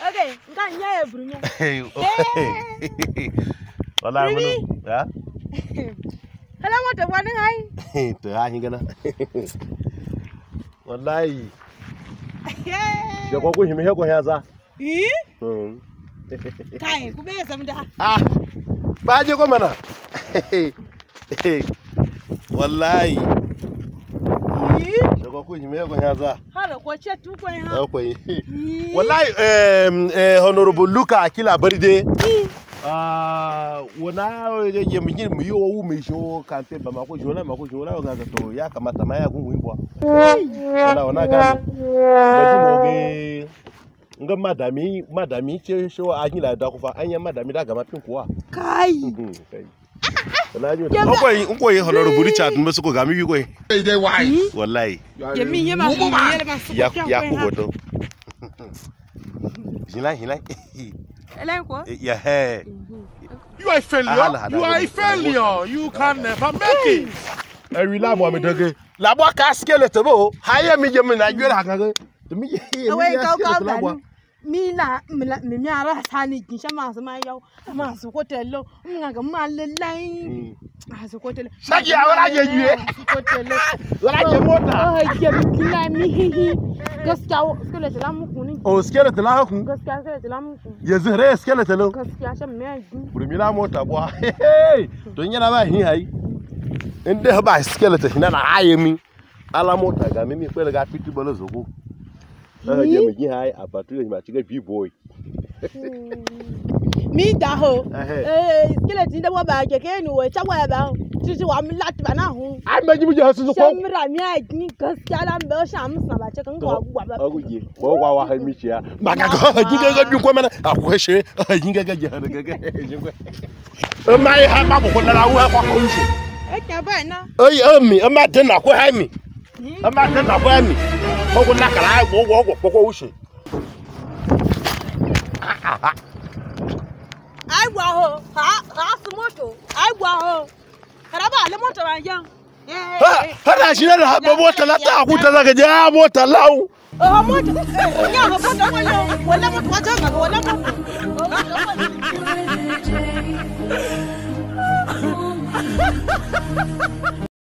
ok nka a nye ya eburu eh. Wala munu, Bakuji me ko nyaza. Hala ko che tu ko ha. Ko yi. Wallahi em eh honorable Luka Akila Barde. Ah wana ye mjini myo wu me jo kampe ba mako jona mako jona ga to ya kamata ma ya gungu ibwa. Wala wana ga. Baji mo ge nga madami madami che sho anyi la da ko fa anya madami da ga mapin kuwa. Kai. Mhm, kai n ko ye honorable richard n bɛ se ko kan mi wi koyi. walayi. yemi yema ko yɛlɛma sogo kɛ yakubu dɔn. hinɛ hinɛ. ɛlɛn kɔ. yahɛ. you are a failure you are a failure you can never make it. ẹ rí láàbù àmì dọ́gẹ́. làbọ̀ ká sikẹ́lẹ̀ tẹ̀bọ̀ o. hayẹ́ mi jẹ́ mi nà gbéra kankan. awọ ìkàwé kàwé bá a nù mina mimi ara sani gisha masu ma yau masu kotelo mga ga malalai mm. masu kotelo shagi a wala je juye wala je mota ai ke kila mi hihi gaskiya skele tala muku ni o skele tala ku gaskiya skele tala muku yanzu re skele tala gaskiya shan me ji burmila mota kwa don yana ba hin hai in dai ba skele ta hinana ayemi ala mota ga mimi kwela ga pitibolo zogo jẹ mi jin hai abatu yẹ ma ti kẹ bi mi da ho kele ti dẹwọ ba kẹkẹ nu wọ ṣagbọ yẹ ba titi wa mi lati ba naa hun. a mẹ jibu jẹ susu kọ. sẹmira mi a ni gaskiya n bẹ o ṣe a mi san ba cɛ kan ka wa wa ba. aw ye wa mi cɛ ya. ba ka kɛ ɛ jinkɛ dun ko mɛnɛ a ko ɛ sɛ ɛ jinkɛ kɛ jɛ hɛrɛ kɛ ɛ jinkɛ. ɛ ma ye hɛ mogo nakara ahụ ma ụgwọ ọgwụ kpọkwa uche ai gwa ho ha ha su moto ai gwa ho kada ba le Hả, ban yan hana shi ne da haɓa mota na ta kuta daga ja mota lau Oh, moto. Ya, ha ba da wala wala moto wajen ga wala moto.